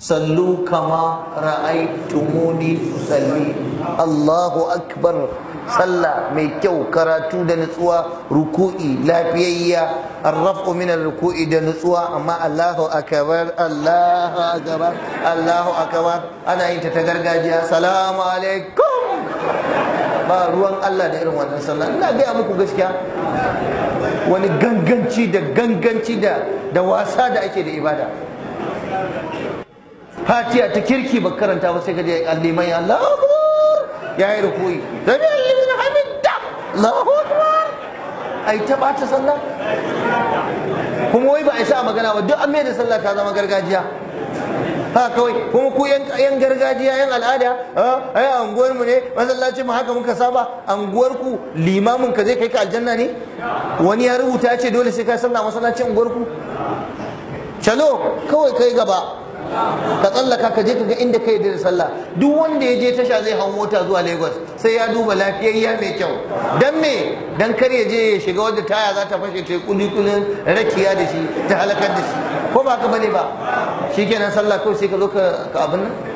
sallu kama ra'aitumuni usalli Allahu akbar sallah mai kyau karatu da nutsuwa ruku'i lafiyayya arrafu min ruku'i da nutsuwa amma Allahu akbar Allahu akbar Allahu akbar ana yin ta gargajiya salamu alaikum ba ruwan Allah da irin wannan sallah ina ga muku gaskiya wani ganganci da ganganci da da wasa da ake da ibada fatiha ta kirki ba karanta ba sai ka je allimai Allahu ya yi rukuyi alimin hamid da Allahu akbar ai ta sallah kuma wai ba a sa magana ba duk an mai da sallah ta zama gargajiya ha kawai kuma ku yan gargajiya yan al'ada ai anguwar mu ne masallaci mu haka muka saba anguwar ku limamin ka zai kai ka aljanna ne wani ya rubuta ya ce dole sai ka sallah masallacin anguwar ku chalo kawai kai gaba ka tsallaka ka je ka ga inda ka yarda da sallah duk wanda ya je tasha zai hau mota zuwa Lagos sai ya duba lafiyayya mai kyau dan me dan kar ya je ya shiga wanda taya za ta fashe ta kuli kulin rakiya da shi ta halakar da shi ko ba ka bane ba shikenan sallah kawai sai ka zo ka abin nan